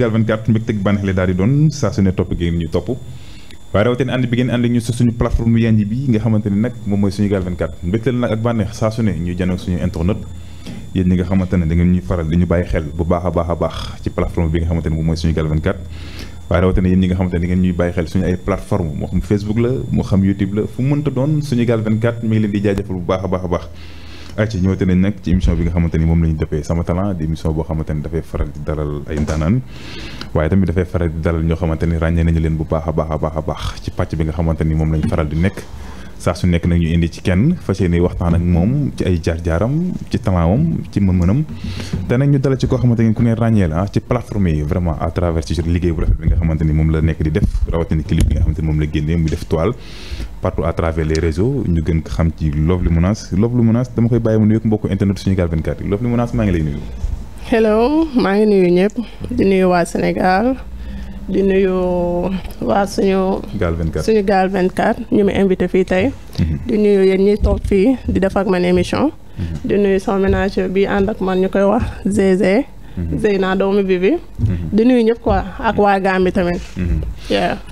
Sénégal 24 mbégteeg bànneex la daal di doon saa su ne topp gi ñu topp waaye rawatina ànd bi ngeen ànd ñu sa suñu plateforme yanji bi nga xamante nag moom mooy Sénégal 24 mbégteel nag ak bànneex saa su ne ñuy suñu internet yéen ñi nga xamante ne ñuy faral di bàyyi xel bu baax a baax a baax ci plateforme bi nga xamante ne moom mooy Sénégal 24 waaye rawatina yéen ñi nga xamante ne ñuy bàyyi xel suñu ay ci ayca ñëwate nañ nag ci émission bi nga xamante ni moom la ñu dëppee sama talent di émission boo xamante ni dafay faral di dalal ay ndaanaan waaye tamit dafay faral di dalal ñoo xamante ni ràññee nañu leen bu baax a baax a baax a baax ci pàcc bi nga xamante ni moom lañ faral di nekk saa su nekk nag ñu indi ci kenn fas yéene waxtaan ak moom ci ay jaar-jaaram ci tamaamam ci mën-mënam te nag ñu dala ci koo xamante ni ku ne ràññee la ah, ci plateforme yi vraiment à ci liggéey bu rafet nga xamante ni moom la nekk di def rawatina clip bi nga xam ci Lovely Mounass Lovely Mounass dama koy bàyyi mu nuyoog mbokku internet Sunugal 24 Lovely Mounass maa ngi lay nuyu. hello maa ngi nuyu ñëpp di waa Sénégal. di nuyu waa suñu. gaal 24 suñu gaal 24 ñu mu invité fii tey. Mhm. di nuyu yéen ñi toog fii di def man émission. Mhm. di nuyu sama ménage bi ànd ak man ñu koy wax Zézé. Mhm. Zeyna doomu bi bi. di nuyu ñëpp quoi ak waa Gambie tamit.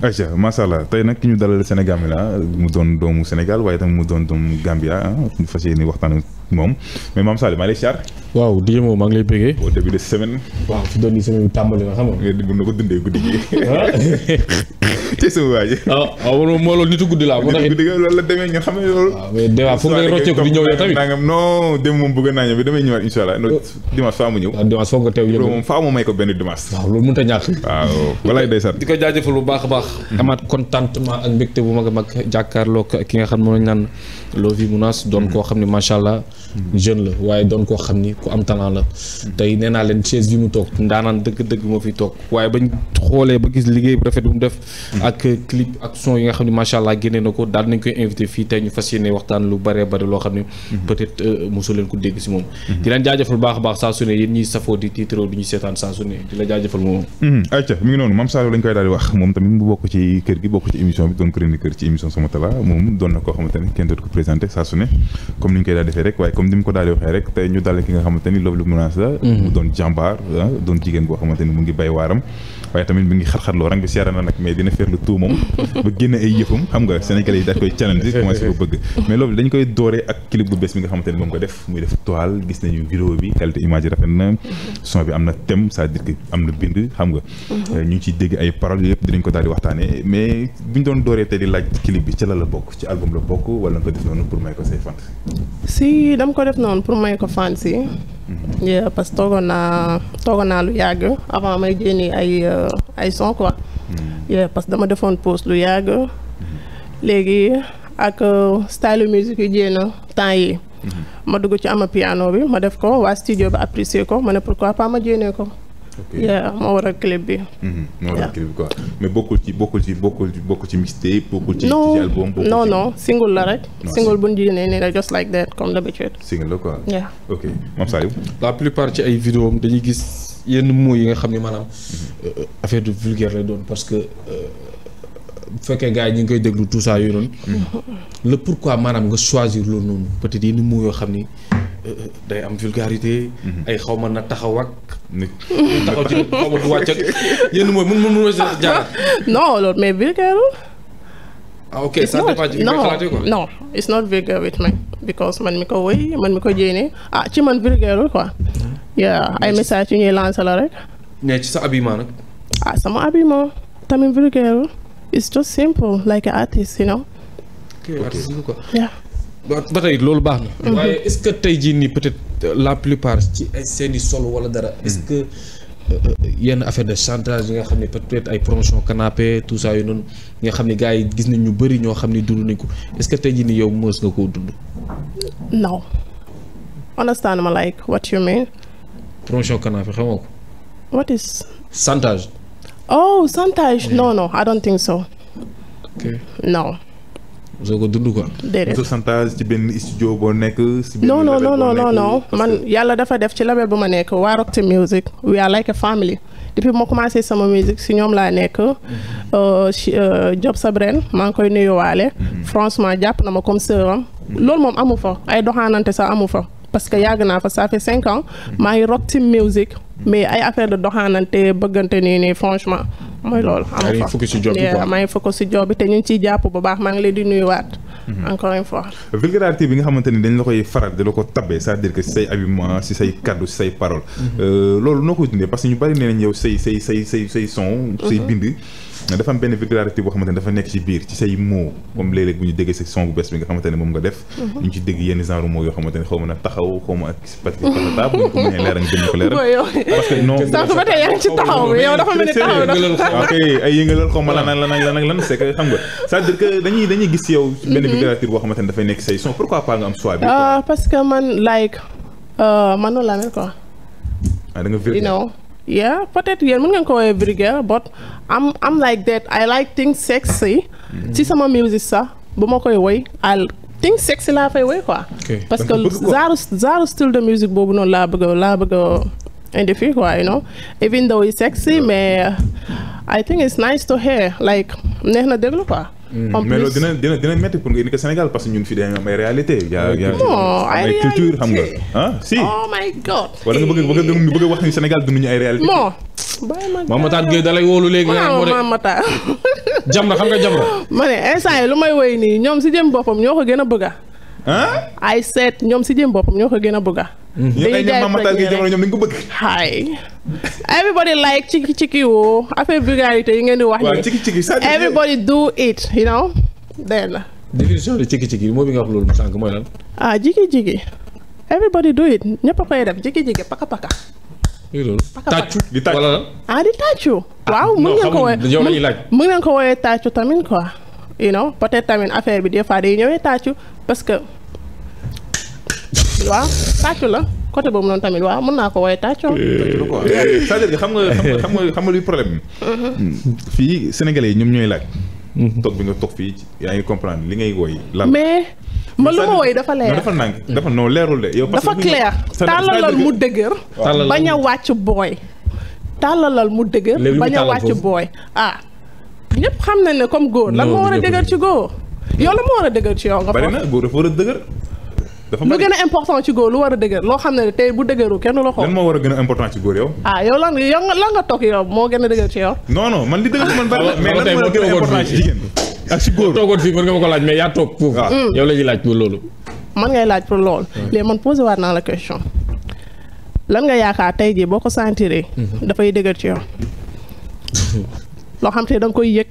ayca macha allah tey nag ki ñu dalal Sénégal mi la mu doon doomu Sénégal waaye tamit mu doon doomu Gambia ah fas yéene waxtaan moom mais maam Sali waaw di moom maa ngi lay bëggee. au début de semaine. waaw fi doon nii semaine tàmbali na xam nga. nga mën na ko dundee guddi gi. ci sama waa ji. ah, ah waaw man moo loolu nitu guddi laa. moo taxit la demee nga xam ne loolu. waaw ah, mais des fois foog nga rocceeku di ñëw yow tamit. bi damay ñëwaat incha allah non dimanche faa mu ñëw. waaw ah, dimanche foog nga teew yëpp moom ko benn dimanche. waaw loolu a ñàkk. waaw walaay ndeysaan. di ko jaajëfal bu baax a baax. amaat contentement ak mbégte bu mag a mag jàkkaarloo ki nga xam ne moom lañ naan Lovy Mounass doon koo xam ne macha allah jeune la waaye doon koo xam ni ku am talent la. tey nee naa leen chaise bi mu toog ndaanaan dëgg-dëgg moo fi toog waaye bañ xoolee ba gis liggéey bu rafet bu mu def. ak clip ak yi nga xam ne macha allah génne na ko daal di wax moom tamit mu bokk ci kër gi bokk ci émission bi doon chroniqueur ci émission sama talent moom doon na koo xamante kenn dootu ko présenté saa su comme ni ñu koy daal defee rek waaye comme ni mu ko daal di waxee rek tey ñu daal ki nga xamante ni loolu menace la mhm. mu doon jàmbaar ah, doon jigéen boo xamante ni mu ngi bay waaram waaye tamit mu ngi xar-xarloo rang bi seera na nag mais dina faire le tout moom ba génne ay yëfam xam nga sénégalais yi daal koy challenge commencé ko bëgg mais loolu dañ koy dooree ak clip bu bees bi nga xamante ni moom ko def muy def toile gis nañu vidéo bi qualité image rafet na son bi am na thème cest dire que am na bind xam nga mhm. euh, ñu ngi dégg ay paroles yëpp dinañ ko daal di la la bokk ci album la bokk wala nga ko def noonu Mm-hmm. parce que toogoon naa toogoon naa lu yàgg avant may génni ay euh, ay son quoi. Mm-hmm. parce que dama defoon pause lu yàgg. Mm-hmm. léegi ak euh, style musique yi génn temps yi ma dugg ci ama piano bi ma def ko waa studio ba apprécier ko ma ne quoi pas ma génnee ko. yaa moo waral clip bi. Mhm, moo waral clip bi quoi mais bokkul ci bokkul ci bokkul ci bokkul ci mixtape bokkul ci ci album. bokkul ci non non single la rek. single bu just like that comme d'habitude. single la quoi. ok Mame la plupart ci ay vidéo am dañuy gis yenn mots yi nga xam ni maanaam mhm. euh, euh, affaire du vulgaire lay doon parce que. Euh, bu fekkee gars yi ñu ngi koy déglu tout ça yooyu noonu. Mhm. le pourquoi maanaam nga choisir loolu noonu peut yenn mots yoo xam ni. day am vulgarité. Mhm. ay xaw ma na taxaw ak. nit taxaw ci xaw ma du wàcc ak mais vulgaire. ah ok ça dépend it's not vulgar with me because man mi ko woy man mi ko jéene ah ci man vulgaire quoi. Hmm. yeah ay message yu ñuy lancer la rek. mais ci sa habillement nag. ah sama habillement tamit vulgaire it's just simple like an artist you know. ok ba tey loolu baax na. Mhm. waaye est-ce que tey jii ni peut-être euh, la plupart ci ay seeni sol wala dara. Mhm. est-ce que euh, euh, yenn affaire de chantage yi nga xam ne peut-être ay promotion canapé tout ça yu noonu nga xam ne gars yi gis nañ ñu bëri ñoo xam ne dund nañ ko est-ce que tey jii nii yow mës nga koo dund. non. understand ma like what you mean. promotion canapé xamoo ko. what is. chantage. oh chantage. non non I don't think so. ok non. soo ko dund quoi. déedéet mosoo no ci benn studio man yàlla dafa def ci label bu ma nekk waa Rockte Music we like a family depuis ma commencé sama musique si ñoom laa nekk. Euh, euh, Job Sabren maa ngi koy nuyuwaale. Mm-hmm. franchement jàpp na ma comme sœuram. loolu moom amu fa ay doxaanante sax amu fa parce que yàgg naa fa ça fait cinq ans. Mm-hmm. maa ngi Rockte Music. mais ay affaire de doxaanante bëggante nii nii franchement mooy loolu. am na focus si bi maa ngi focus bi te ñu ngi ciy jàpp bu baax maa ngi leen di nuyuwaat. Mhm. encore une fois. vulgarité bi nga xamante ni dañ la koy faral di la ko tabbee c'est-à-dire que si say habillement si say kaddu si say parole. Mhm. Euh, loolu noo koy dundee parce que ñu bari nee nañ yow say say say say say son. say mhm. bind. dafa am benn vulgarité boo xamante ne nekk ci biir ci say mots comme léeg-léeg bu ñu déggee sa son bu bees bi nga xamante ne moom nga def mhm. ñu ci dégg yenn genre mots yoo xamante ne xaw ma na taxaw xaw ma ak parce que parce que ko taxaw yow ma lan lan lan lan lan c'est que xam nga c'est-à-dire que dañuy dañuy gis yow benn mhm. vulgarité boo xamante ne dafay nekk say son pourquoi pas nga am choix bi ah, parce que man like euh, man noonu laa mel quoi ah da nga yeah peut-être yéen mën ngeen ko woowee vulgaire but am am like that I like things sexy. ci mm-hmm. sama music sax bu ma koy woy al things sexy laa fay woy quoi. parce que genre genre style de musique boobu noonu laa bëgg laa bëgg indi fii quoi you know even though it's sexy mais uh, I think it's nice to hear like neex na déglu quoi. Mm. en plus mais loolu dina dina dina métti pour nga indi ko Sénégal parce que ñun fi dañoo am ay réalité yaa yaa ay culture xam nga ah si. oh my god wala nga bëgg bëgg a bëgg a wax ni Sénégal dunduñu ay réalité. bon. Mame Matar Gueye da lay wóolu léegi. waaw Mame Matar. Jamra xam nga Jamra. ma ne instant yi lu may woy nii ñoom si jëm boppam ñoo ko gën a bëgg a. ah. ay seet ñoom si jëm boppam ñoo ko gën a bëgg a. dañuy jaay première ñoom dañ ko bëgg. hi everybody like ciki ciki woo affaire vulgarité yi ngeen di wax. waaw ciki ciki de ciki ciki moo bi nga wax loolu sànq mooy lan. ah jigi everybody do it ñëpp a koy def jigi jigi paka paka. lii loolu tàccu di tàccu ah di tàccu. Ah, waaw mën ngeen ko wooye mën ngeen ko wooyee tàccu tamit tamit affaire bi des fois day ñëwee tàccu parce que. waaw tàccu la côté boobu noonu tamit waa mën naa ko waaye tàccoo. cest à xam nga xam nga xam nga luy problème mm-hmm. fii sénégalais yi ñoom ñooy laaj. Mm-hmm. toog bi nga toog fii yaa ngi li ngay woy lan mais ma lu ma woy dafa leer dafa nànk dafa non leerul de yow parce que clair tàllalal mu dëgër bañ a wàcc booy tàllalal mu dëgër bañ a wàcc booy ah ñëpp xam na ne comme góor lan moo war a dëgër ci góor yow la moo war a dëgër ci yow nga bari na góor dafa war a dafa lu gën a important ci góor lu war a dëgër loo xam ne tey bu dëgëru kenn la xool. lan moo war a gën a important ci góor yow. ah yow lan nga toog yow moo gën a dëgër ci yow. non man li dëgër man bari moo gën a important ci jigéen ak ko laaj mais yaa ah. hmm. laaj loolu. man ngay laaj pour loolu. Hmm. léegi man posé waat naa la question. lan nga yaakaar tey jii boo ko sentiree. Hmm. dafay dëgër ci yow. loo xam te da nga koy yëg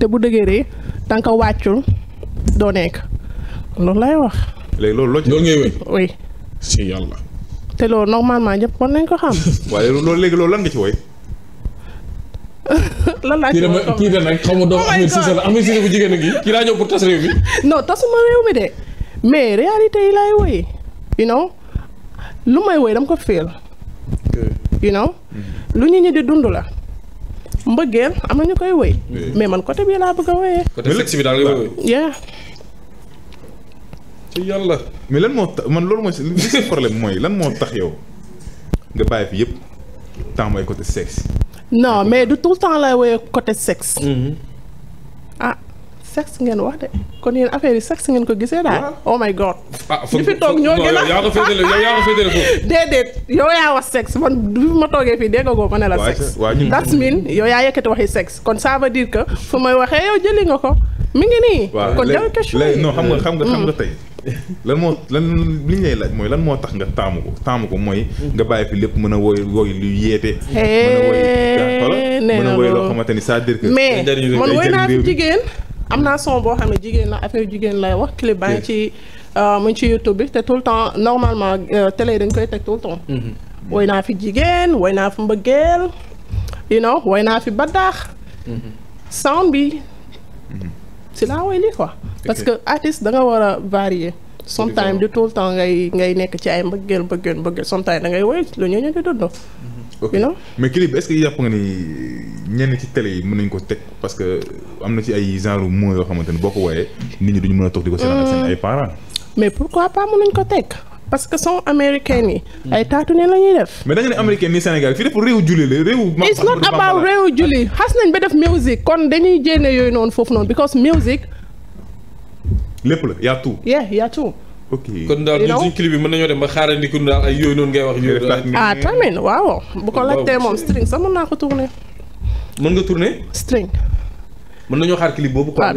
te bu dëgëree da nga ko wàccul doo nekk loolu lay wax léegi loolu loo ci. loolu ngay wéy. oui. te loolu normalement ñëpp war nañ ko xam. waaye loolu léegi loolu lan nga ci woy. lan laa ci woy kii kii de nag xaw ma oh a gi kii daa ñëw pour tas réew mi. non tasuma de mais réalité yi laay woy you know lu may woy dam ko feel. you know mm-hmm. lu ñu ñi di dund la. mbëggeel am na ñu koy woy. mais man côté bii laa bëgg a woyee. côté ci yàlla. mais lan moo tax man loolu mooy li si problème mooy lan moo tax yow nga bàyyi fi yëpp temps mooy côté sexe. non mais du tout le temps lay woyee côté sexe. Mm-hmm. ah sexe ngeen wax de kon yéen affaire yi sexe ngeen ko gisee daal. Ah. oh my god. ah fi toog ñoo gën a. yaa ko féetale yow yaa yow yaa wax sexe man bi ma toogee fii dégg nga ma la. sexe that's mean yow yaa yëkkati waxi sexe kon ça veut dire que fu may waxee yow jëli nga ko mi ngi nii. kon jël question yi non xam nga xam nga xam nga mm. tey. lan moo lan li ñu mooy lan moo tax nga taamu ko taamu ko mooy nga bàyyi fi lépp mën a woy woy lu yeete mën a woy mën loo xamante ni c'est-à-dire mais man woy naa fi jigéen am naa son boo xam ne jigéen la affaire jigéen lay wax clip baa ngi ci euh, mu ngi ci YouTube bi te tout le temps normalement euh, télé yi dañ koy teg tout le temps. Mm-hmm. woy naa fi jigéen woy naa fi mbëggeel you know woy naa fi badaax. Mm-hmm. sound bi mm-hmm. si laa woy lii parce que artiste da nga war a varier. sometimes du tout le temps ngay ngay nekk ci ay mbëggeel mbëggeel mbëggeel sometimes da ngay woy lu ñoo ñoo di dund. ok you know? mais clip est-ce que yàpp nga ni ñenn ci télé yi mun nañ ko teg parce que am na ci ay genre mots yoo xamante ni boo ko wooyee nit ñi duñu mën a toog di ko seetaan ak seen ay parce que son américain yi. ay taatu ne la ñuy def. mais da nga ne américain ni Sénégal fii dafa réewu julli la réewu. it's not about réewu julli xas nañ ba def music kon dañuy jéene yooyu noonu foofu noonu because music. lépp la y a tout. yeah y a ok kon daal duñ clip bi mën nañoo dem ba xaarandi ku daal ay yooyu noonu ngay wax. yooyu ah tamit waaw. bu ko laajtee moom string sax nga tourner. string. mën nañoo xaar clip boobu. Ah,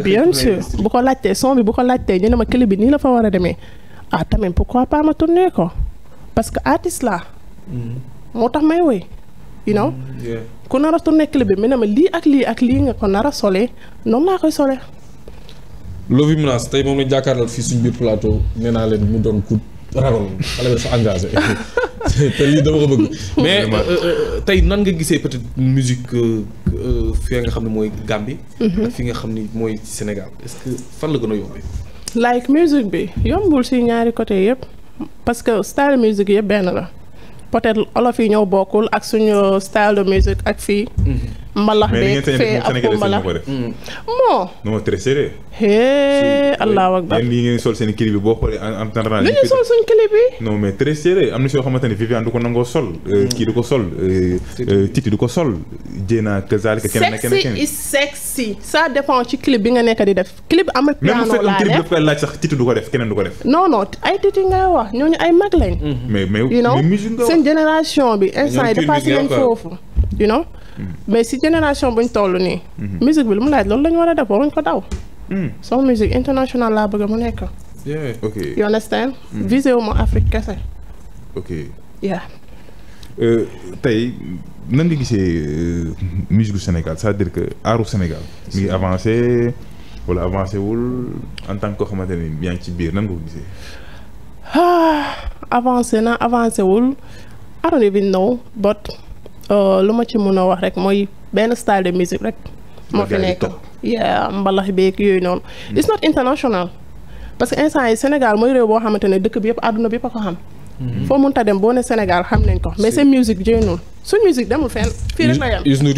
bu ko laajtee son bi bu ko laajtee ñu ne ma clip bi nii la fa war a demee ah tamit pourquoi pas ma tourner ko parce que artiste mm. moo tax may woy you mm, ku nar a tourner bi mu ne ma lii ak lii ak lii nga ko nar solee noonu laa koy solee. Lovimunas tey moom lañu jàkkaarloo fii suñu biir plateau nee naa leen mu doon ku ragal xale bi dafa engagé te lii dama ko bëgg. mais euh, euh, euh, tey nan nga gisee peut-être musique fi nga xam ne mooy Gambie. Mhm. ak fi nga xam ne mooy Sénégal est-ce que fan la gën a yombee. like musique bi yombul si ñaari côté yëpp parce que style musique yëpp benn la peut-être olof yi ñoo bokkul ak suñu style de ak fii. Mhm. mbalax beeg fee ab ko mbalax moo. non très serré. hee allahu akbar. yéen lii ngeen sol seen clip bi boo xoolee en temps réel. dañuy sol suñ clip bi. non mais très serré am na si yoo xamante ne Viviane du ko nangoo sol. Euh, mm. kii du ko sol. Euh, euh, Titi du ko sol. Diena kazaalika keneen ak keneen ak keneen. sexy sexy ça dépend ci clip bi nga nekk di def. clip amul piano laa def même bu fekkoon clip sax Titi du ko def keneen du ko def. non non ay Titi ngay wax ñooñu ay mag lañ. Mm-hmm. mais mais mais musique nga wax seen génération bi instant yi dépassé nañ foofu you know mais si génération buñ toll nii. Mhm. musique bi lu mu laaj loolu la war a def waruñ ko daw. Hmm. son musique internationale laa bëgg mu nekk. yeah ok you understand. Hmm. visé wu ma Afrique kese. ok yeah. Euh, tey nan nga gisee euh, musique du Sénégal c'est-à-dire que aaru Sénégal mi ngi avancé wala avancé wul en tant que koo xamante ni yaa ngi ci biir nan nga ko gisee. Ah, avancé na avancé wul I don't even know Euh, lu ma ci mun a wax rek mooy benn style de musique rek. moo fi nekk yaa mbalax beeg yooyu noonu. Mm. it's not international. parce que instant yi Sénégal mooy réew boo xamante ne dëkk bi yëpp àdduna bi yëpp a ko xam. Mm. foo mun ta dem boo ne Sénégal xam nañ ko. mais seen musique jëndul suñ musique demul fenn. fii rek la yem Youssou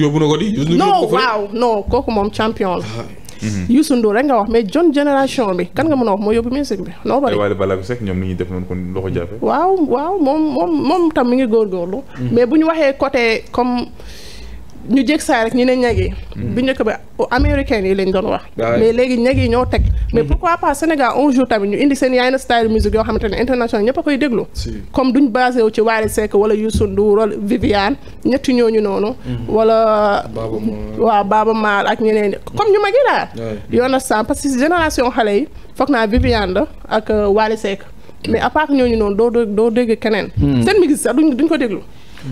Ndour ko waaw non kooku moom champion la. Ah. Mhm. Youssou Ndour rek nga wax mais jon génération bi kan nga mën a wax moo yóbbu musique bi noo bari Wally Ballago Seck ñoom ni ñuy def noonu kon loxo jàppe waaw waaw moom moom moom tam mi ngi góorgóorlu mhm. mais bu ñu waxee côté comme ñu jëkk saa rek ñu ne ñag yi mm. bu njëkk ba américains yi lañ doon wax mais léegi ñag yi ñoo teg mais mm-hmm. pourquoi pas Sénégal un jour tamit ñu indi seen yaay na style musique yoo xamante ne international ñëpp a koy déglu comme duñ basé wu ci Wally Seck wala Youssou Ndour wala Viviane ñetti ñooñu noonu mm-hmm. wala waaw Baba Maal ak ñeneen comme ñu mag yi daal yoona san parce que génération xale yi foog naa Viviane la ak euh, Wally Seck mais à part ñooñu noonu doo doo dégg keneen hmm. seen duñ duñ ko déglu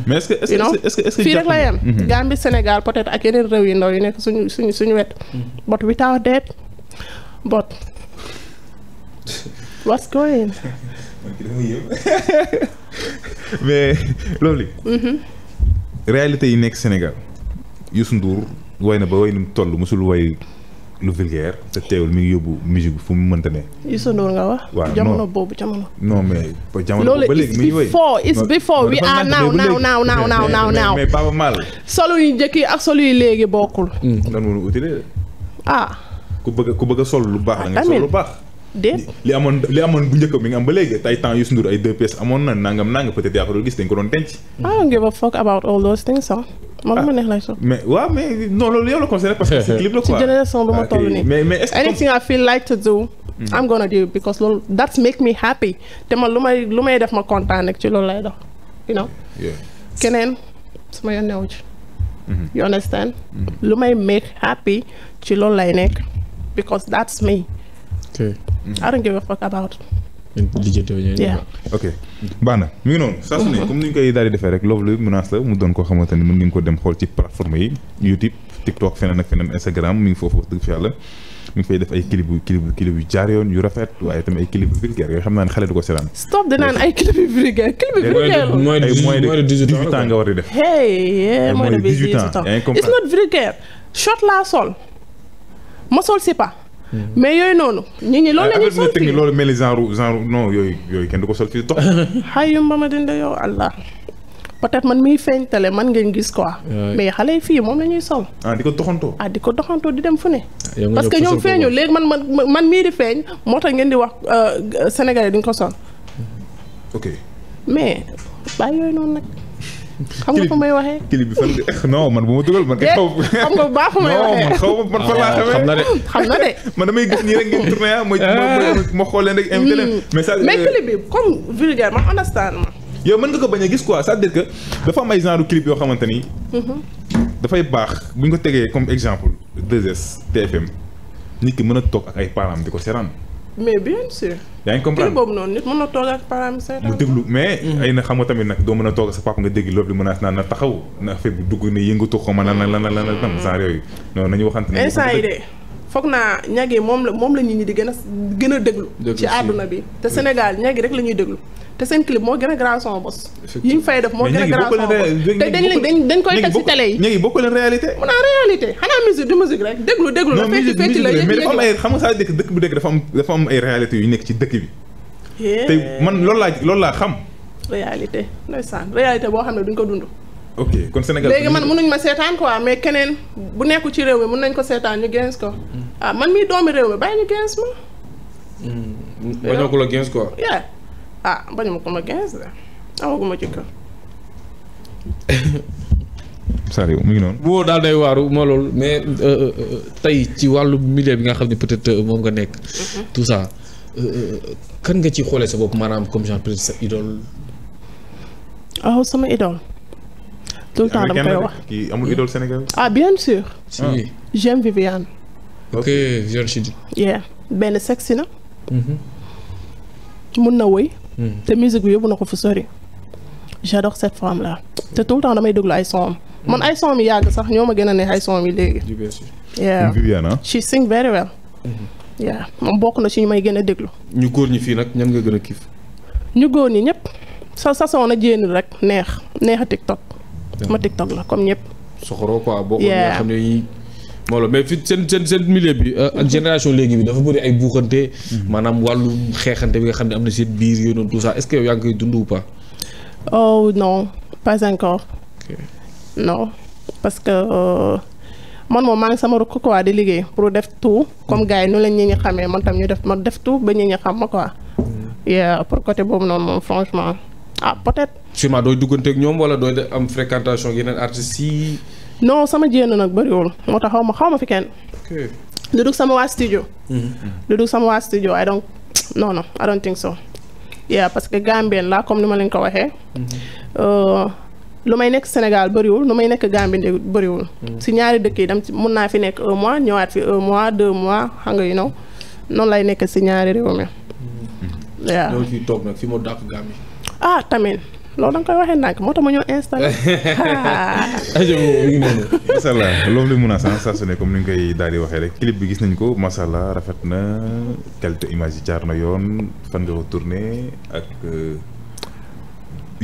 mais est-ce que est-ce que est-ce que est-ce que fii rek la yem. Mhm. Gambie Sénégal peut-être ak yeneen réew yu ndaw yu nekk suñu suñu suñu wet. Mhm. but without that but what's going. mais loolu. Mhm. réalité yi nekk Sénégal Youssou Ndour woy na ba woy ni mu toll mosul woy. lu vulgaire te teewul mi ngi yóbbu musique fu mu mënta ne. Youssou Ndour nga wax. waaw jamono boobu jamono. non mais Baaba Maal. solo yu njëkk yi ak solo léegi bokkul. ah. ku bëgg ku bëgg a sol lu baax. amiin nga sol lu baax. déet li amoon li amoon bu njëkk mi nga am ba léegi tay temps Youssou Ndour ay deux pièces amoon na nangam nangam peut-être yaa ko doon gis dañ ko doon denc. I don't give ah. waaw mais non loolu yow la concerné parce ma ah, toll nii. mais mais est I feel like to do. Hmm. I'm gonna do because loolu that's te man lu may lu may def ma kontaan rek ci loolu lay dox you know. keneen su ma yoon newu ci. Mm-hmm. you understand. Mm-hmm. lu may make happy ci loolu lay nekk because that's me. I don't a fuck about. ok baax na mi ngi noonu saa su comme ni ñu koy daal di defee rek Love Love menace la mu doon koo xamante ni mën ngeen ko dem xool ci plateforme yi YouTube TikTok feneen ak feneen Instagram mi ngi foofu wax dëgg fi yàlla mi ngi fay def ay clip clip clip yu jaar yoon yu rafet waaye tamit ay clip vulgaire yooyu xam naa ne xale du ko seetaan stop dinaan ay clip vulgaire clip vulgaire mooy de 18 ans nga war di def hey mooy de 18 ans it's not vulgaire short sol ma sol c'est mais yooyu noonu. ñi ñi loolu la ñuy sol fii loolu mel ni genre genre non yooyu yooyu kenn du ko sol fii dox. xay yumba ma dinde yow allah peut-être man miy feeñtale man ngeen gis quoi. mais xale yi fii moom la ñuy sol. ah di ko doxantoo. ah di ko doxantoo di dem fu ne. parce que ñoom feeñu léegi man man man mii di feeñ moo tax ngeen di wax di euh, duñ ko sol. ok mais bàyyi yooyu noonu nag. xam nga fa may waxee. clip bi fan non man bu ma dugal man. xaw xam nga baax fu may waxee man xaw ah, xam na de xam na de. man damay gis nii rek ngeen tourné ah ma ma ah. xool leen rek invité leen. message hmm. mais euh, clip bi comme vulgaire man understand ma. yow mën nga ko bañ a gis quoi c'est-à-dire dafa am ay genre yoo xamante ni. Mm-hmm. dafay baax bu ko tegee comme exemple 2S TFM nit ki mën a toog ak ay parents di ko seetaan. mais bien sûr. yaa ngi comprendre kii boobu noonu nit mën na toog ak parents mi mu déglu mais. ay na xam nga tamit nag doo mën a toog sa papa nga dégg loolu li mën a na taxaw na affaire bi dugg na yëngatu xaw ma lan lan lan lan genre yooyu. non nañu waxante ne. instant yi foog naa ñagi moom la moom la nit ñi di gën a gën déglu ci àdduna bi te Sénégal ñagi rek la ñuy déglu te seen clip moo gën a grand son bos yi ñu fay def moo gën a grand son bos te dañ dañ koy teg ci télé yi ñagi bokkul leen réalité mun a réalité xanaa musique du musique rek déglu déglu la fecc fecc la dafa am ay xam nga saa dëkk dëkk bu dëkk dafa am dafa am ay réalité yu nekk ci dëkk bi te man loolu laa loolu laa xam réalité ndeysaan réalité boo xam ne duñ ko dund ok kon Sénégal léegi man mënuñ ma seetaan quoi mais keneen bu nekku ci réew mi mën nañ ko seetaan ñu gens ko. Mm. ah man mii doomi réew mi bàyyi ñu gens ma. Mm. bañoo ko la gens quoi. ah bañu ma ko ma mu ngi noonu. boo daal day waaru moo loolu mais euh, euh, euh, tey ci wàllu milieu bi nga xam ne peut-être moom nga nekk. Mm-hmm. tout ça kan nga ci xoolee sa bopp maanaam comme a peut-être sa idole. waaw oh, sama idole. tout le temps dama koy wax kii amul idole sénégalais. ah bien sûr. si ah. j'aime Viviane. ok na. Mm-hmm. mun na woy. Mm. te musique na ko fu sori. j'adore cette te tout le temps damay déglu ay son am man mm. ay son mi yàgg sax ñoo ma gën a neex ay son mi léegi. yeah Viviane mm-hmm. moom bokk na ci ñu may gën a déglu. ñu góor ñi fii nag ñan nga gën a kiif. ñu góor ñi ñëpp sa sa son a jéenul rek neex neex a TikTok. sama TikTok la comme ñëpp. soxoroo quoi boo ko nga xam ne yi moo la fi seen seen seen bi euh, ak génération léegi bi dafa bëri ay buuxante mm-hmm. maanaam wàllu xeexante bi nga xam ne am na seen biir yooyu noonu tout ça est-ce que yow yaa oh, que euh, man moom maa ngi sama rukk quoi di pour def tout comme gars yi nu lañ ñi ñu xamee man tam ñu def ma def tout ba ñi ñu xam ma quoi. Mm-hmm. pour côté boobu noonu moom franchement ah peut sûrement dooy dugganteeg ñoom wala dooy am fréquentation ak yeneen artistes si non sama jéem nag bëriwul moo tax xaw ma xaw ma fi kenn. ok lu dugg sama waa studio. lu mhm. dugg sama waa studio I don't non I don't think so. yeah parce que Gambien laa comme ni ma leen ko waxee. Mhm. Euh, lu may nekk Sénégal bëriwul lu may nekk Gambie bëriwul. Mhm. si ñaari dëkk yi dem ci mun naa fi nekk un mois ñëwaat fi un mois deux mois xam nga you noonu lay nekk si ñaari réew mi. waaw ah, tamit loolu da nga koy waxee nag moo tax ma ñoo installé. rajo boobu noonu. macha allah loolu mun a sànq saa comme ni nga koy daal di waxee rek clip bi gis nañ ko macha allah rafet na qualité image yi jaar na yoon fan nga ko tourné ak euh,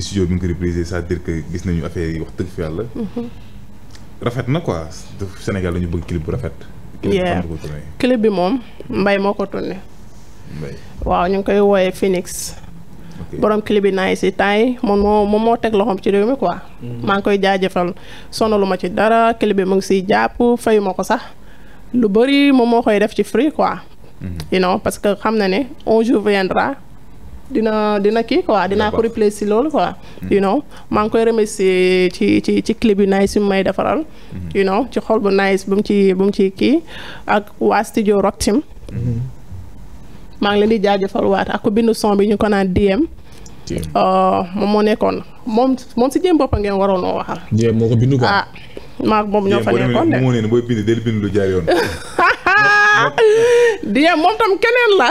studio bi nga ko reprisé cest dire que gis nañu affaire yi wax dëgg fi yàlla. Mhm. rafet na ko Sénégal la ñu bëgg clip bu rafet. yeah clip bi moom mbay moo ko tourné. Mbaye waaw ñu ngi koy wooyee Phoenix. borom clip bi naay si yi moom moo moom moo teg loxoom ci réew mi quoi. Mm-hmm. maa ngi koy jaajëfal sonalu ma ci dara clip bi mu ngi si jàpp fayu ko sax lu bëri moom moo koy def ci free quoi. Mm-hmm. you know parce que xam na ne un jour dina dina kii quoi dinaa ko replace si loolu quoi. Mm-hmm. you maa ngi koy remercier ci ci ci clip yi nice bi may defaral. you ci xol bu nice bu mu ci bu mu ci kii ak waa studio Rock maa ngi leen di jaajëfal waat ak ku bind son bi ñu ko naan diyem Ah, moom moo nekkoon moom moom si jëm boppam ngeen waroon noo waxal. jéem moo ko bindu ko ah, maa moom ñoo fa nekkoon de. moo ne booy bind del bind lu jaar yoon. diem moom tam keneen la.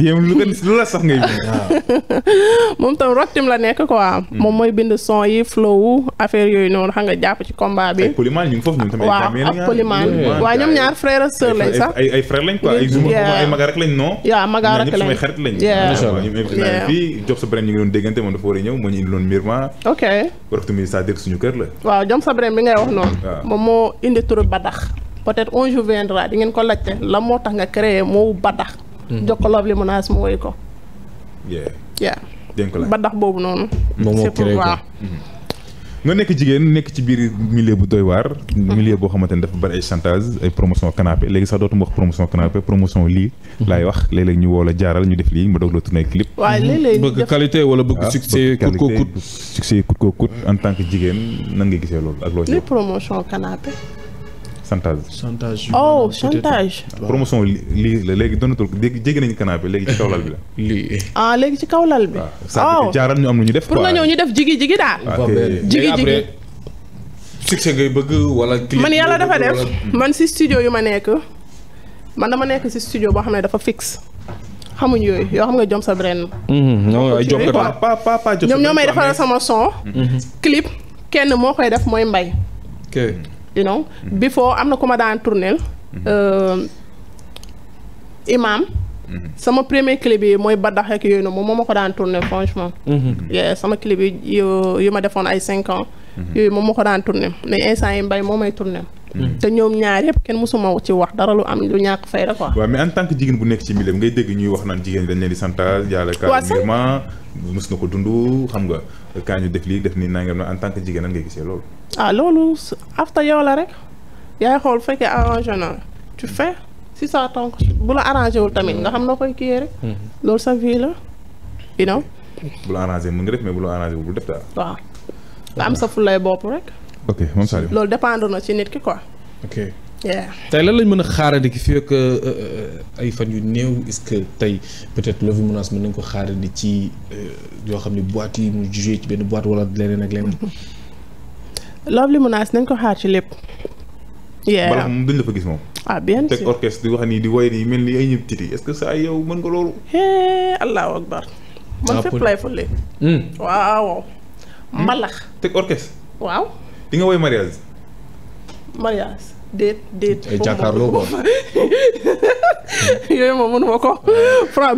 diem lu lu la sax ngay bind. moom tam rottim la nekk quoi. Hmm. moom mooy bind son yi flow affaire yooyu noonu xam nga jàpp ci komba bi. ay poliman ñu ngi foofu ñun tamit. ay ay lañ quoi ay zuma ay maga rek lañ non. waaw maga rek lañ ñoom ñëpp samay xarit lañ. ñu invité naa fii job sa brem ñu ngi doon déggante moom ñu kër la. waaw job sa bi ngay wax noonu. moom moo indi ba badax peut-être un jour viendra di ngeen ko laajte la moo tax nga créé moo badax hmm. jokkaloob li menace mu woy ko yeah badax boobu noonu c'est pour voir hmm. nga nekk jigéen nekk ci biir milieu bu doy waar milieu boo xamante ne dafa bari ay chantage ay promotion canapé léegi sax dootuma wax promotion canapé promotion lii hmm. laay wax léeg-léeg ñu la jaaral ñu def lii ma doog la tourné clip waaye léeg-léeg bëgg qualité wala bëgg ah, succès coûte ko coûte succès coûte ko coûte en tant que jigéen nan nga gisee loolu ak loo ci promotion canapé chantage. chantage oh chantage. promotion lii la léegi donatul jéggi nañu canapé léegi ci kaw bi la. lii ah, léegi ci kaw lal bi. waaw oh. jaaral ñu am lu ñu def. pour nga ñëw ñu def jigi jigi daal. jigi jigi succès ngay bëgg wala. man yàlla dafa def man si studio yu ma nekk man dama nekk si studio boo xam ne dafa fixe. xamuñ yooyu yoo xam nga jom sa bren. ñoom mhm, ay jom pa pa pa ñoom may defaral sama son. Mhm. clip kenn moo koy def mooy mbay. you know mm-hmm. before am na ku ma daan tournel mm-hmm. euh, imam mm-hmm. sama premier clip bi mooy baddax ak yooyu noonu moom moo ma ko daan tourner franchement. sama clip yi yu ma defoon ay cinq ans. yooyu moom moo ko daan tourner mais instant yi mbay moo may tourner. te ñoom ñaar yëpp kenn mësuma ci wax dara lu am lu ñàkk fay la quoi. waaw mais en tant jigéen bu nekk ci milieu ngay dégg ñuy wax naan jigéen ñi dañ leen di santage yàlla. waaw mës na ko dund xam nga kaa ñu def lii def nii nangam en ah loolu afta yow la rek yaay xool fekkee arrangé na tu fais si ça donc bu la arrangé wul tamit nga xam na koy kii rek. Mm-hmm. loolu sa vie la you know. bu la arrangé mën nga def mais bu la arrangé wul def daal. waaw nga am sa fulay bopp rek. ok moom Saliou. loolu dépendre na ci nit ki quoi. ok. tey lan lañ mën a xaarandi ki fii euh, euh, ay fan yu néew est-ce que tey peut-être levée menace mën nañ ko xaarandi ci euh, yoo xam ne boîte yi mu jugee ci benn boîte wala leneen ak leneen. Lovely Mounass nañ ko xaar ci lépp. balaa moom duñ fa gis moom. ah bien sûr teg orchestre di wax nii di woy nii mel ni ay ñëpp titi est que saa yow mën nga loolu. allahu akbar. man fépp lay fële. Hmm. waaw. Hmm? mbalax. teg orchestre. waaw. di nga woy mariage. déet déet. jàkkaarloo ko yooyu moom mënu ma ko.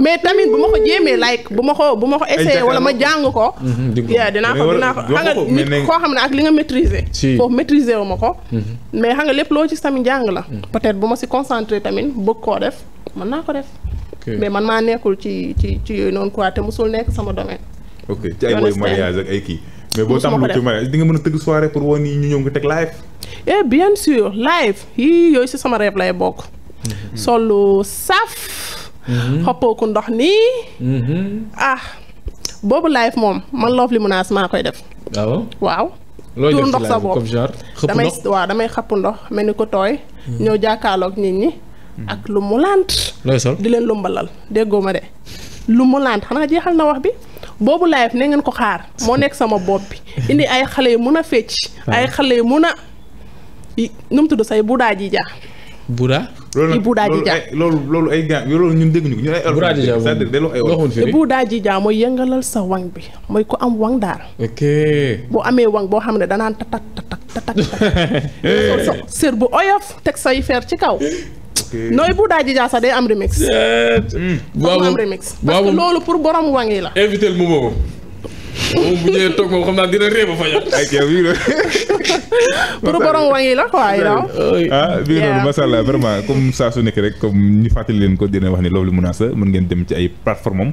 mais tamit bu ma ko jéemee like bu ma ko bu ma ko essayé wala ma jàng ko. Mhm, dinaa dinaa ko dinaa ko xam nga nit koo xam ne ak li nga maîtriser. foofu maîtriser ma ko. Mhm. mais xam nga lépp loo ci sami jàng la. Mhm. peut-être bu ma si concentré tamit bëgg koo def mën naa ko def. mais man maa nekkul ci ci ci yooyu noonu quoi te mosul nekk sama domaine. ci ay woy mariage ak ay kii. mais boo tàmbalee ci di nga mën a tëgg soirée pour woon ñu ñëw nga teg live. eh bien sûr live yii yooyu si sama reeb lay bokk. Mm-hmm. solu saf. Mm-hmm. xoppooku ndox nii. Mm-hmm. ah boobu live moom man loof li menace maa koy def. waaw waaw. looy ndox sa bopp damay waaw damay xëpp ndox mel ni ko tooy. ñëw jàkkaarloog nit ñi. ak lu mu di leen lumbalal déggoo ma de. lu mu laan xanaa jeexal na wax bi boobu live ne ngeen ko xaar moo nekk sama bopp bi indi ay xale yu mun a fecc ay xale yu mun a nu mu tudd say budaa ji ja budaa loolu loolu loolu ay gaa loolu ñun dégg ñu ko ñun ay. buudaa ji jaa mooy yëngalal sa wang bi mooy ko am wang daal. boo amee wan boo xam ne danaa tatak tatak tatak. sër bu oyof teg say fer ci kaw. nooy bu daa jijaa sax day am remix. boobu hmm. am pour borom wangi la. invité mu boobu. moom bu ñëwee toog moom xam naa dina réew a fa yàq. ay bii la. pour borom wangi la quoi ay daaw. ah vraiment comme saa su nekk rek comme ñu fàttali leen ko dina wax ni loolu menace mën ngeen dem ci ay plateforme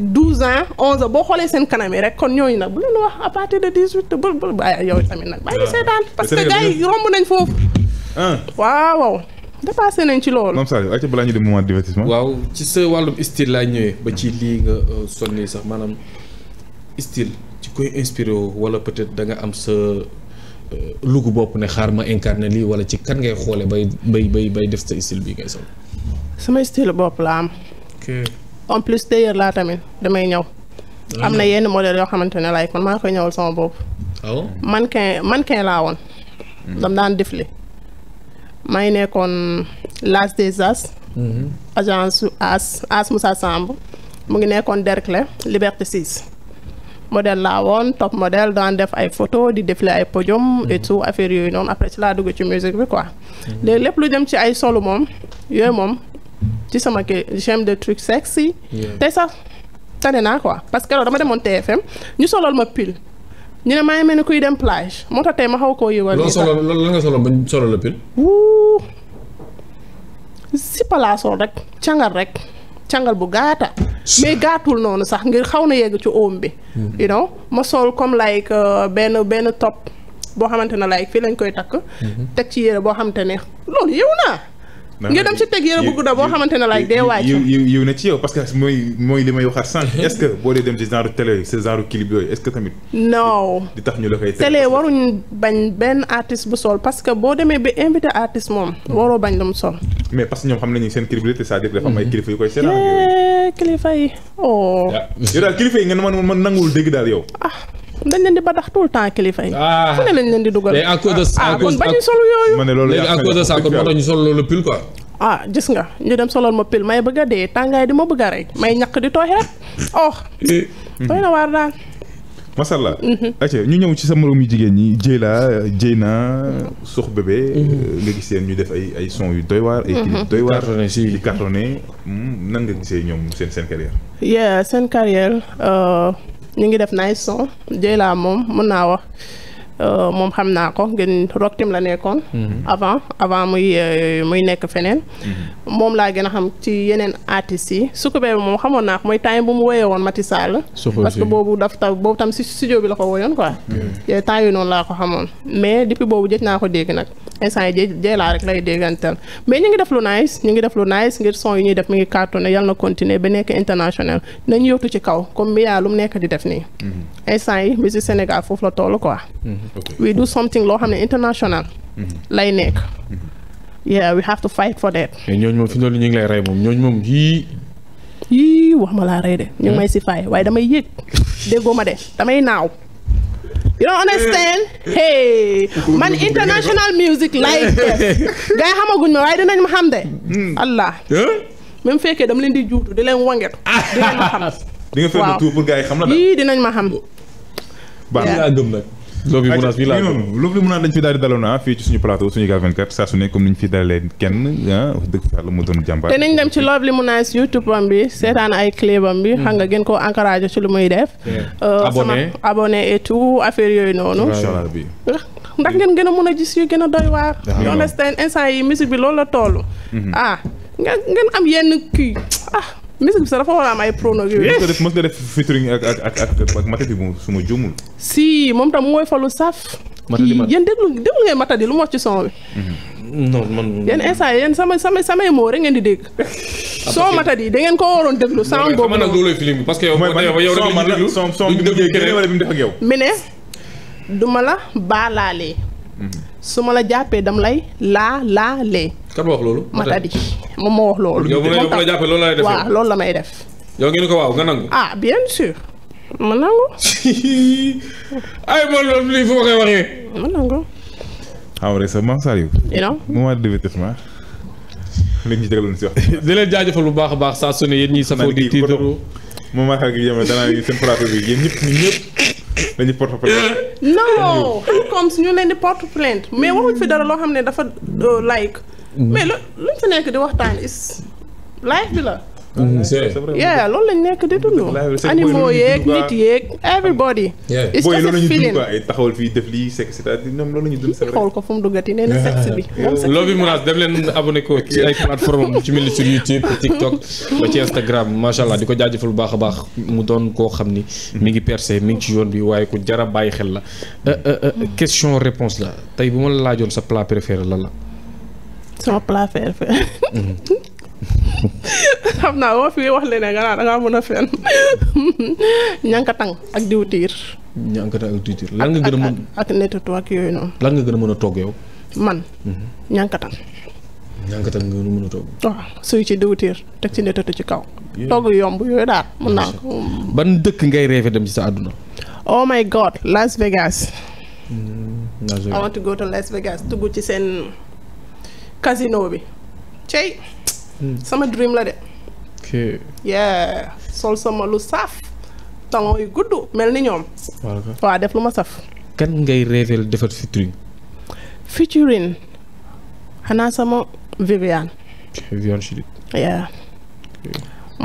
12 ans 11 boo xoolee seen kanam yi rek kon ñooñu nag bu leen wax à partir de 18 ba ba bàyyi yow tamit nag bàyyi seetaan parce que gars yi romb nañ foofu. waaw waaw dépassé nañ ci loolu. Mame Saliou ayca balaa ñu dem moment divertissement. waaw ci sa wàllum style laa ñëwee ba ci lii nga euh, sonni sax maanaam style ci koy inspiré wala peut-être da am sa. Euh, lugu bopp ne xaar ma incarné lii wala ci kan ngay xoole bay bay bay bay def sa style bi ngay sol. sama style bopp la en plus tailleur laa tamit damay ñaw. am na yenn modèle yoo xamante ne laay kon maa koy ñawal sama bopp. waaw ah mannequin laa woon. Hmm. dam daan défilé. maa ngi nekkoon l'As des As. Hmm. agence As As Moussa Samb. mu ngi nekkoon Derklé Liberté 6. modèle laa woon top modèle daan def ay photo di défilé ay podium. Hmm. et tout affaire yooyu noonu après ci laa dugg ci musique bi quoi. léegi lépp lu dem ci ay solo moom yooyu moom. ci sama kii j'aime des trucs sexy. te sax tane naa ko parce que alors dama demoon TFM ñu solal ma pile ñu ne maa ngi mel ni kuy dem plage moo tax tey ma xaw koo yëwal. loo solo lan nga solo ba solo la pile. wuu si palaasoo rek cangal rek cangal bu gaata. mais gaatul noonu sax ngir xaw na yegg ci oom bi. Hmm. you know ma sol comme like euh, benn benn top boo xamante ne like fii lañ koy takk. Hmm. teg ci yére boo xamante ne loolu yeewu naa. nga dem si teg yére bu gudda boo xamante ne laaj dee wàcc yiw yiw na ci yow parce que mooy mooy li may waxaat sànq est boo dee dem si genre télé tax ñu la koy télé benn artiste bu sol que boo demee ba invité artiste moom hmm. waroo bañ lu mu sol mais parce que ñoom xam seen clip bi c'est-à-dire dafa am ay hmm. kilifa yu koy seetaan yooyu kilifa yi oh yow daal kilifa yi nga mën mën nanguwul dégg daal yow ah. dañ leen di badax tout le temps kilifa yi. Ah. fu ne lañ leen di dugal. léegi à cause de ah kon solo yooyu. ma ne loolu léegi à cause de ça kon moo ñu solo loolu pile ah gis nga ñu dem soloon ma pile may bëgg a dee tàngaay di ma bëgg a rey may ñaq di tooy rek oh. Eh. doy na waar daal. macha mhm. allah. ñu ñëw ci sa moroom jigéen ñi laa Dieyla Dieyna mhm. Sox Bébé. Mhm. nga gis seen ñu def ay ay son yu doy waar. ay doy waar di cartonné hmm, nan nga gisee ñoom seen seen carrière. yeah seen euh, ñu ngi def nice son Dieyla moom mun naa wax Euh, moom xam naa ko ngeen roktim la nekkoon. Mm-hmm. avant avant muy euh, muy nekk feneen. Mm-hmm. moom laa gën a xam ci yeneen artistes yi Sukube moom xamoon naa ko mooy temps bu mu woyee woon Mati parce que boobu daf ta boobu tam si studio bi la ko woyoon quoi. Mm-hmm. temps yu noonu laa ko xamoon mais depuis boobu jëj naa ko dégg nag instant yi jë jëy laa rek lay déggantal mais ñu ngi def lu nice ñu ngi def lu nice ngir son yu ñuy def mi ngi cartonné yàlla na continuer ba nekk i nañu yóotu ci kaw mu nekk di def nii. instant yi musique Sénégal foofu la toll quoi. we do something loo xam ne international. Mhm. lay nekk. Mhm. yeah we have to fight for that. ñooñu moom fi ñu ngi lay rey moom ñooñu moom yii. yii wax ma laa rey de. ñu ngi may si faay waaye damay yéeg déggoo ma de damay naaw. you don't understand eh. hey man international music eh. lay def gars yi xamaguñ ma waaye dinañ ma xam de. Hmm. allah. même fekkee dama leen di juutu di leen wangetu ah. dinañ ma xam. di nga fekk tuur ma xam. baax loolu munaas bi laa loolu munaas dañ fi daal di daloon ah fii ci suñu plateau suñu Sunugal 24 saa su ne comme ni fi dalalee kenn ah wax dëgg fa doon jàmbaar. te nañ dem ci loolu munaas YouTube bi seetaan ay clip am bi. xam nga gën koo encouragé ci lu muy def. Euh, sama abonné et tout yooyu noonu. bi ndax ngeen gën a mun a gis yu gën a doy waar. yoo instant yi musique bi loolu la toll. Mm-hmm. ah ngeen am yenn kii ah, musique bi sax dafa war a am ay prono mooy falu saf. ma yéen déglu déglu ngeen Matadi lu mu wax ci son bi. Mm-hmm. non man. yéen instant moo rek ngeen di dégg. Ah, soo Matadi da ngeen ko waroon déglu. sans boobu man nag parce que yow. yow rek la mu ne duma la baalaalee. Mm-hmm. su ma la jàppee dam lay laa laalee. kan wax loolu. Matadi moom moo wax loolu. yow bu la jàppee loolu lay def waaw loolu la may def. yow ngeen ko waaw nga nangu. ah bien sûr. ma nangu. ay man loolu lii fu ma koy waxee. ma nangu. ah wala sax maam Saliou. you know. moment de divertissement. li ñu ci déglu si wax. di leen jaajëfal bu baax a baax saa su ne yéen ñii safoo di tiitaru. moom maa xam ne yéen danaa seen plateau bi yéen ñëpp ñun ñëpp. dañuy porte plainte. non comme ñu leen di porte plainte mais waxuñ fi dara loo xam ne dafa euh, like. mais lu luñ fa nekk di waxtaan is life bi la. Mm-hmm. c'est vrai loolu lañ nekk di dund. animaux yeeg nit yeeg everybody. is just a feeling taxawal fii def lii c'est cest loolu la ñuy dund. xool ko leen abonné ko ci ay plateforme ci mel ni sur YouTube TikTok ba ci Instagram macha allah di ko jaajëfal bu baax a baax mu doon koo xam ni. mi ngi percé mi ngi ci yoon bi waaye ku jara bàyyi xel la. Euh, euh, euh, question réponse la tey bu ma la laajoon sa plat préféré la la. sama plat préféré xam naa boo fi wax leneen nga naan da ngaa mën a fen ñankatang ak diwtiir. ñankatang ak diwtiir lan nga gën a mën ak netatu ak yooyu noonu. lan nga gën a mën a togg yow. man. Mhm. ñankatang. ñankatang nga mën a togg. waaw suy ci diwtiir teg ci netatu ci kaw. togg yomb yooyu daal mën naa ko. ban dëkk ngay reefe dem ci sa àdduna. oh my god Las Vegas. Mhm, Las Vegas Las Vegas dugg ci seen. casino bi cey hmm. sama dream la de sol sama lu saaf talon yu gudd mel ni ñoom waaw def lu ma saf kan ngay réevéel defar featuring featuring xanaa sama Viviane Viviane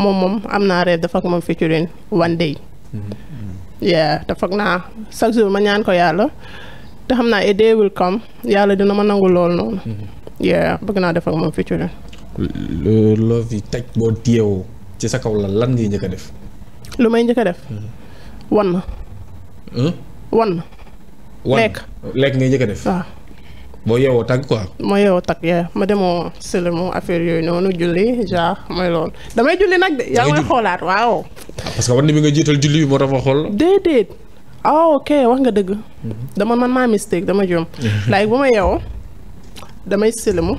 moom moom am naa rêve dafa ak moom featuring one day hmm, hmm. yeah te foog naa chaque jour ma ñaan ko yàlla te xam naa a day yàlla dina ma nangu lool noonu yeah bëgg naa def ak moom featuring. loo fi taj boo teewoo ci sa kaw la lan ngay njëkk def. lu may njëkk a def. Mhm. wan na. Hmm? wan na. lekk lekk ngay njëkk a def. waaw. boo yeewoo tag quoi. ma yeewoo tag yaa ma demoo sëlemu affaire yooyu noonu julli genre mooy loolu damay julli nag de. yaa may xoolaat waaw. Ah, parce que war nga jiital julli bi moo tax ma xool. déedéet. Ah, ok wax nga dëgg. Mhm. dama man maa mistake dama jom. like bu ma yeewoo damay sëlëmu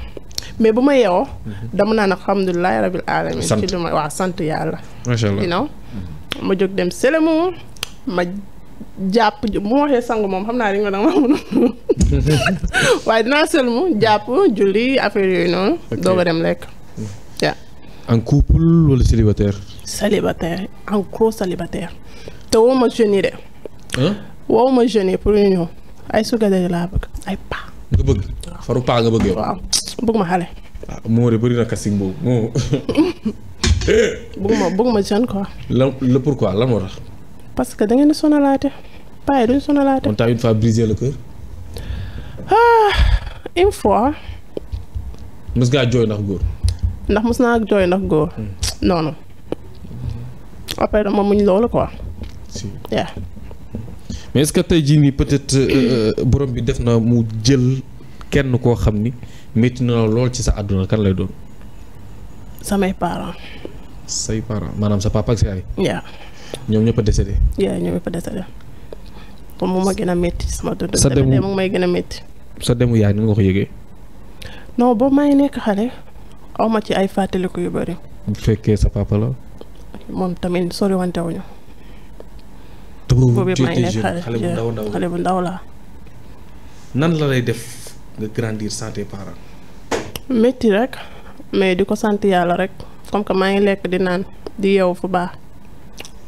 mais bu ma yeewoo. Mhm. dama naan alhamdulilah rabil alamin ci waa sant yàlla. macha ma jóg dem sëlëmu ma jàpp bu waxee sangu moom xam naa ne nga dama mën waaye dinaa sëlëmu jàpp julli affaire yooyu noonu. doog a dem lekk. waaw. Mhm. en couple wala célibataire. célibataire en gros célibataire. te woo ma jeune de. woo ma jeune pour ñu ñëw ay sugadee laa bëgg ay pa nga bëgg. faru paa nga bëgg yow. waaw bëgg ma xale. ah Momadou bëri na casting boobu moom. bëgg ma bëgg ma lan la pourquoi lan moo tax. parce que da ngeen di sonalaate paa yi duñ sonalaate. on t'a une fois brisé le cœur. ah une fois. mës ngaa jooy ndax góor. ndax mës naa jooy ndax góor. Hmm. non après dama muñ loolu quoi. si mais est-ce que tey jii nii peut-être euh, euh, borom bi def na mu jël kenn koo xam ni métti na lool ci sa àdduna kan lay doon. samay parents. say parents maanaam sa papa ak sa yaay. ñoom ñëpp a décédé. waaw ñoom ñëpp a décédé. sama dund. sa demu gën a métti. sa demu yaay ni nga ko yëgee. non boo may nekk xale awma ci ay fàttaliku yu bëri. bu fekkee sa papa la. moom tamit soriwante wuñu te boobu tu étais bu ndaw ndaw xale nan la lay def nga grandir sans tes parents. rek mais di ko sant yàlla rek comme que maa ngi lekk di naan di yeewu fu baax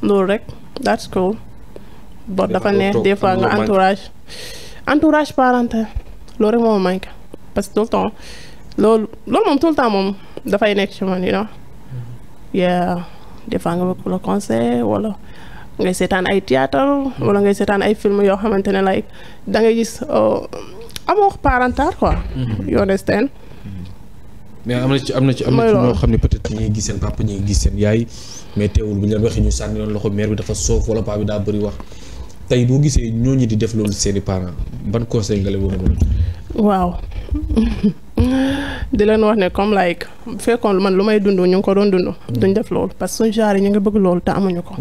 loolu rek that's cool. bon dafa neex des fois nga entourage entourage parental loolu rek moo manqué parce que tout le temps loolu loolu moom tout moom dafay nekk ci man you mm-hmm. fois nga bëgg la conseil wala. ngay seetaan ay théâtre wala ngay seetaan ay film yoo xamante ne like da ngay gis oh, amoo parental quoi. Mm-hmm. you understand. Mm-hmm. mais am na ci am na ci am na xam ne peut-être ñi ngi gis seen papa ñuy gis seen yaay mais teewul bu ñu leen waxee ñu sànni loon loxo mère bi dafa soof wala paa bi daa bëri wax tey boo gisee ñooñu di def loolu seeni parent ban conseil nga leen war a waaw di leen wax ne comme like bu fekkoon man lu may dund ñu ngi ko doon dund. duñ mm-hmm. def loolu parce que suñu genre yi bëgg loolu te amuñu ko.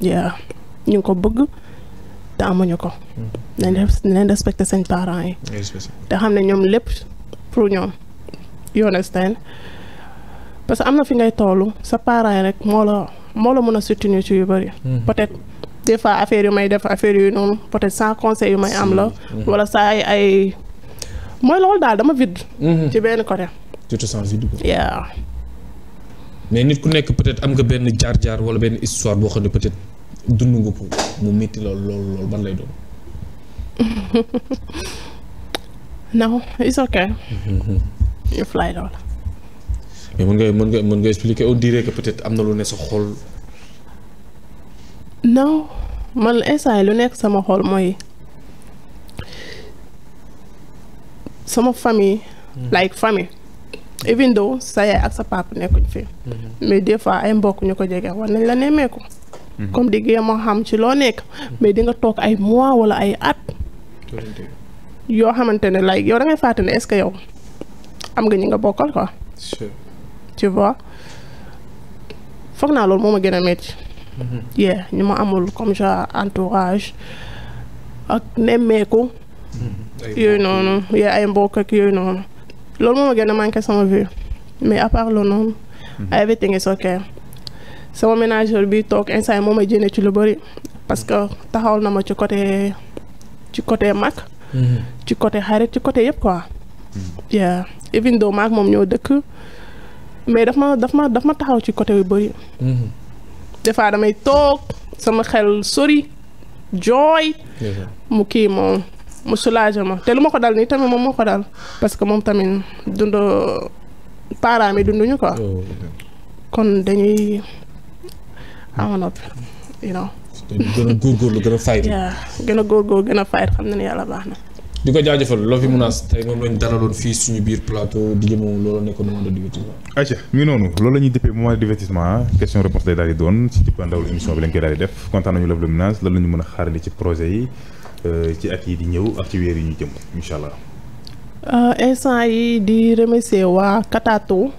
yeah ñu ngi ko bëgg te amuñu ko. Mm-hmm. nañ leen respecté seen parents yi. te xam ne ñoom lépp pour ñoom you understand parce que am na fi ngay toolu sa parent yi rek moo la moo la mën a soutenir ci yu bëri. Mm-hmm. peut-être des fois affaire yu may def affaire yu noonu peut-être sans conseil yu may am la. Mm-hmm. wala saa ay ay mooy loolu daal dama vide. ci benn côté. tu te mais nit ku nekk peut-être am nga benn jaar-jaar walla benn histoire boo xam ne peut-être dund nga ko mu métti lool lool lool ban lay doon. non it's okay. you fly lool. mais mën nga mën nga mën nga expliquer on dirait que peut-être am na lu ne sa xol. non man instant lu nekk sama xol mooy sama fami mm. like famille. even though sa yaay ak sa papa nekkuñ fi. Mm-hmm. mais des fois ay mbokk ñu ko jege war nañ la nemmeeku. Mm-hmm. comme di géem a xam ci loo nekk. mais di nga toog ay mois wala ay at. yoo xamante ne like yow da ngay fàtte ne ce que yow am nga ñi nga bokkal quoi. tu vois foog naa loolu moo ma gën a métti. Mm-hmm. yeah ñu ma amul comme ça entourage ak nemmeeku. yooyu noonu yeah ay mbokk yooyu noonu. loolu moo ma gën a manqué sama vie mais à part loolu noonu. Mhm. everything is okay sama ménageur bi toog instant yi moo may jëne ci lu bëri parce que taxawal na ma ci côté ci côté mag. Mhm. ci côté xarit ci côté yëpp quoi. Mhm. yeah even though maag moom ñoo dëkk mais daf ma daf ma daf ma taxaw ci côté yu bëri. des damay toog sama xel sori jooy. mu kii moom. mu soulager ma te lu ma ko dal nii tamit moom moo ko dal parce que moom tamit dund parents mi dunduñu quoi. Oh, kon dañuy ama noppi you know. gën a góorgóorlu gën a fayit. gën a góorgóorlu gën a fayit xam na ne yàlla baax na. di ko jaajëfal loo fi mun a tey moom lañ dalaloon fii suñu biir plateau di moom loolu nekkoon moment de divertissement. ayca mi ngi noonu loolu la ñuy dëppee moment de divertissement question réponse day di doon ci dippa ndawul émission mën a xaarandi ci projet yi. Euh, ci at yi di ñëw ak ci weer ñu jëm incha allah. Euh, instant yi di remercier waa Katato.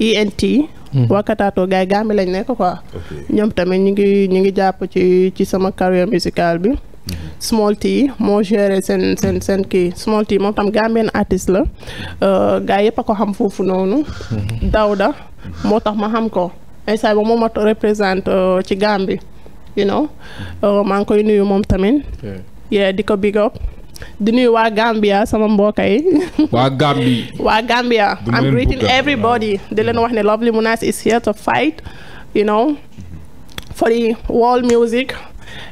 INT. Mhm. E mhm. waa Katato gars yi Gàmbi lañ nekk quoi. ñoom tamit ñu ngi ñu ngi jàpp ci ci sama carrière musicale bi. Mhm. Small T moo géré seen seen seen kii Small T moom tam Gambien artiste la euh, gars yëpp a ko xam foofu noonu. Dawda moo tax ma xam ko instant boobu moom ma représente ci Gambie you maa ngi koy nuyu moom tamit. yeah di ko big up di waa Gambia sama mbokka yi. waa Gambia. waa Gambia. greeting everybody. di leen wax ne Lovely Mounass is here to fight you know for the world music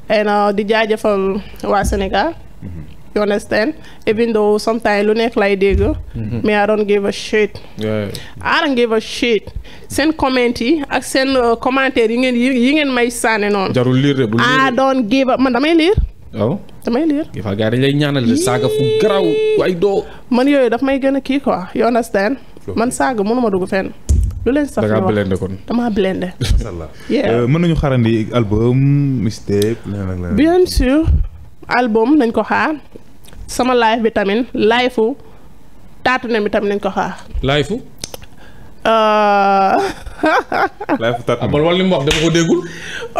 and uh, di jaajëfal waa Sénégal. you understand even though sometimes lu nekk lay dégg. Mhm. mais I don't give a shit. I don't give a shit. seen yi ak uh, yi ngeen yi ngeen may sànni noonu. I don't give a man damay lire. waaw damay liir. des fois lay ñaanal saaga fu garaaw waay doo. man yooyu daf may gën a kii quoi you understand man saaga mënuma dugg fenn. lu leen sax wax blende kon damaa blende. macha allah euh, mën nañu xaarandi album mixtape bien sûr album nañ ko xaar sama live bi tamit live fu taatu ne bi tamit nañ ko xaar. live fu. Euh. live fu taatu ne. wala li mu wax dama ko déggul.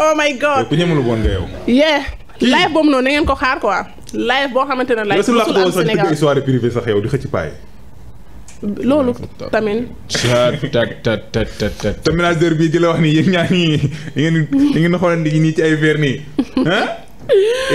oh my god ku ñëmul woon nga yow. yeah. live boobu noonu na ngeen ko xaar quoi. live boo xamante ne live. la am Sénégal la histoire privée sax yow di xëcc paay. loolu tamit. ta ta ta ta ta. te ménageur bii di la wax nii yéen ñaa nii ngeen ngeen xoolee nii ci ay verre nii.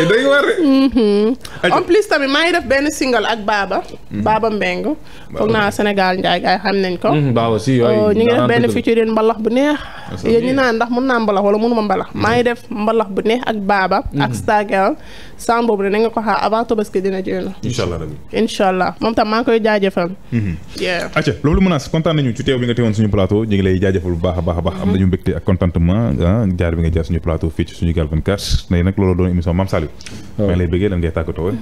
day war mm-hmm. en plus tamit maa ngi def benn single ak Baba. Mm-hmm. Baba Mbengue. foog naa Sénégal njaay gaay xam nañ ko. Mm-hmm, Baba aussi yooyu oh, ñu ngi def benn featuring mbalax bu neex. yéen ñi naan ndax mun naa mbalax wala mënuma mbalax. maa ngi def mbalax bu neex ak Baba. ak Stargirl sans boobu ne na nga ko xaar avant Tabaski dina jéem. incha allah moom tam maa ngi koy jaajëfal. acca loolu mën a baax a baax am nañu mbégte ak contentement ah, jaar bi nga jaar suñu plateau fii ci suñu Gal 24 nag loolu doon émission Mame Saliou. waaw oh. maa ngi lay bëggee lan ngay tàggatoo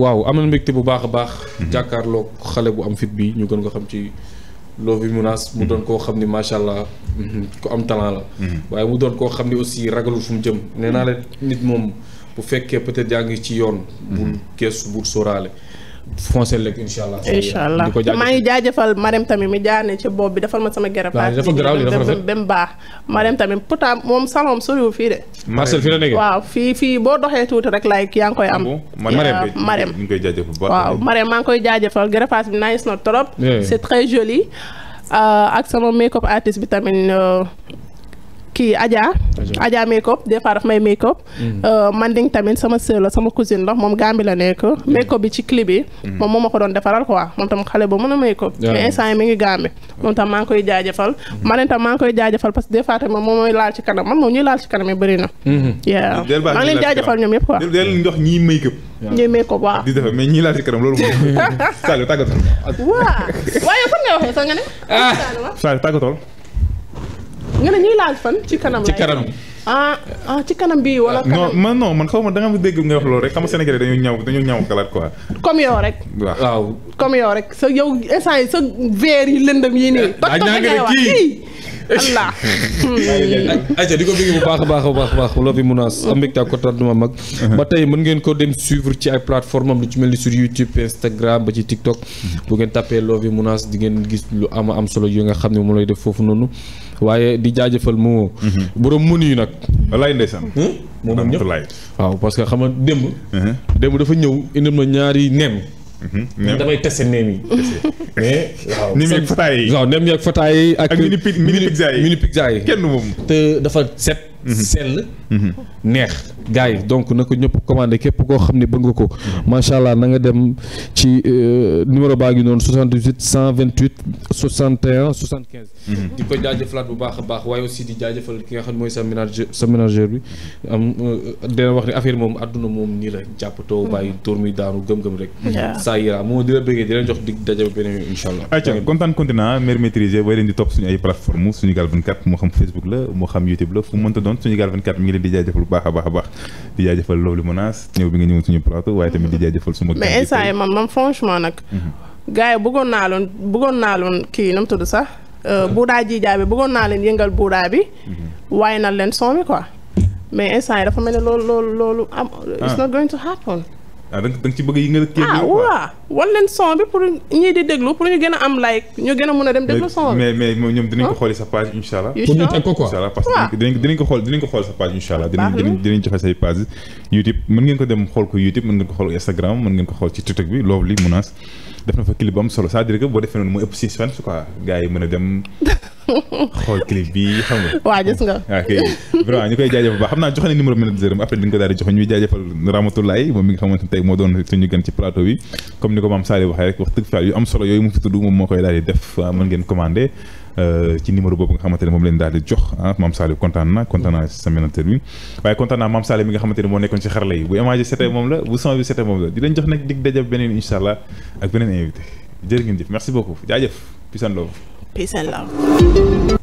waaw am na mbégte bu baax a baax. Mhm. jàkkaarloog xale bu am fit bi ñu gën ko xam ci. Lovy Mounass mu mhm. doon koo xam ni macha allah mhm, ku am talent la. waaye mu doon koo xam ni aussi ragalul fu mu jëm. nee naa la nit moom bu fekkee peut-être yaa ngi ci yoon. bul keesu bul sóoraale. foncé lekk incha allah. maa ngi jaajëfal Marème tamit mi jaane ci bopp bi defal ma sama gërëm. waaw dafa moom salon soriwul fii de. Marcel fii la nekkee boo doxee tuuti rek laay yaa ngi koy am. Ah Marème Marème ñu ngi koy jaajëfal bu baax. waaw Marème maa ngi koy jaajëfal gërëfaas bi nice na trop. c'est très joli euh, ak sama make artist bi tamit. Euh, kii Adja. Adja make up des fois daf may make up. Manding mm-hmm. euh, tamit sama sœur la sama cousine la moom Gambie la nekk. make up bi ci clip bi. Mm-hmm. moom moo ma ko doon defaral quoi moom tam xale ba mën a make up. mais mi ngi Gambie. moom tam maa ngi koy jaajëfal. Mm-hmm. man tam maa ngi koy jaajëfal parce que moom mooy laal ci kanam man moom ñuy laal ci kanam yi bëri na. jël baax maa ngi leen jaajëfal ñoom yëpp quoi. jël jël ñuy laal ci kanam loolu moom. Saliou tàggatoo. nga ne ñuy laal fan ci kanam ci kanam ah ah ci kanam bi wala ah, kanam non man non man xaw ma danga nga ma dégg nga wax loolu rek xam nga dañuy dañu ñaw dañu ñaw xalaat quoi comme yow rek waaw comme yow rek sa yow instant yi sa verre yi lëndëm yi nii toj toj ngay wax Allah. Hmm. ayca a baax baax baax loo fi mun a am mbégte ak kontaan mag. ba tey mën ngeen ko dem suivre ci ay plateforme am lu ci mel ni sur YouTube Instagram ba ci TikTok. bu ngeen tapee loo fi mun a di ngeen gis lu am am solo yi nga xam ne mu lay def foofu noonu. waaye di jaajëfal moomoo mhm. borom mën yu nag walaay ndeysaan hmm? waaw parce que xam nga démb mhm. démb dafa ñëw indil ma ñaari neem mhm. damay teste neem yi mais waaw neem yi waaw fataay ak mini pizza yi mini pizza yi kenn moom te dafa set sell Mm-hmm. neex gars yi donc na ko ñëpp commandé képp koo xam ne bëgg nga ko. Mm-hmm. macha allah na nga dem ci euh, numéro baa ngi noonu 78 128 61 75. di ko jaajëfalaat bu baax a baax waaye aussi di jaajëfal ki nga xam ne mooy sa ménager bi am euh, wax ne affaire moom àdduna moom nii la jàppatoo mm-hmm. bàyyi tur mi daanu gëm-gëm rek. saa yira moo di la bëggee di leen jox dig daje ba beneen yoon incha allah. ayca kontaan continent ah, mère way leen di topp suñu ay plateformes Sunugal 24 moo xam leen di jaajëfal bu baax a baax a baax di jaajëfal loolu menace ñëw bi nga ñëw suñu plateau waaye tamit di jaajëfal suma mais instant yi man man franchement nag mhm. gars yi bëggoon naa loon bëggoon naa loon kii nam tudd sax euh, buudaa ji jaabi bëggoon naa leen yëngal buudaa bi mhm. waaye na leen son bi mais instant yi dafa mel loolu loolu loolu it's ah. not going to happen ah da nga ci bëgg yi nga kii ah waaw wan leen son bi pour ñii di déglu pour ñu gën a am like ñu gën a mën a dem déglu son bi. mais mais ñoom dinañ ko xooli sa page incha dinañ dinañ dinañ joxe say page YouTube mën ngeen ko dem xool ko YouTube mën ngeen ko xool Instagram mën ngeen ko xool ci TikTok bi Lovely Mounass def na fa clip bu am solo cest dire que boo defee noonu mooy ëpp six fans quoi gars yi mën a dem xool clip bi xam nga. waaw gis nga. waaw kay vraiment ñu koy jaajëfal baax xam naa joxe na numéro minute après di moom mi nga xamante ne tey moo doon suñu gën ci plateau bi comme ni ko maam Saliou waxee daal di def mën euh, ci numéro boobu nga xamante ne moom leen daal di jox ah, maam Saliou kontaan na kontaan naa si bi waaye kontaan naa maam Saliou mi nga xamante ne moo nekkoon ci xarala yi bu image setee moom la bu son bi setee moom la di leen jox nag dig dajab beneen incha ak beneen invité jërë ngeen jëf merci beaucoup jaajëf Peace and